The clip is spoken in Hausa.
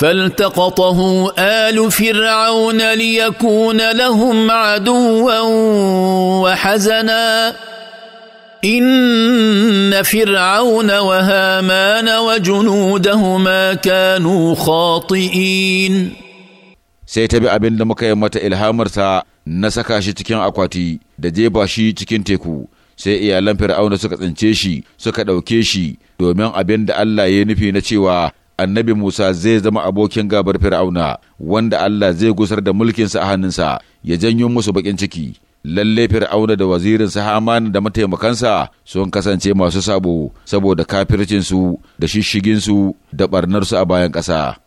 فالتقطه ال فرعون ليكون لهم عدوا وحزنا ان فرعون وهامان وجنودهما كانوا خاطئين sai ta bi abin da muka yi mata ilhamarsa na saka shi cikin akwati da jefa shi cikin teku sai iyalan fir'auna suka tsince shi suka ɗauke shi domin abin da Allah ya nufi na cewa annabi Musa zai zama abokin gabar Fir'auna wanda Allah zai gusar da mulkinsa a hannunsa ya janyo musu bakin ciki. Lalle Fir'auna da wazirinsa Haman da mataimakansa sun kasance masu sabo saboda kafircinsu da shishiginsu da ɓarnarsu a bayan ƙasa.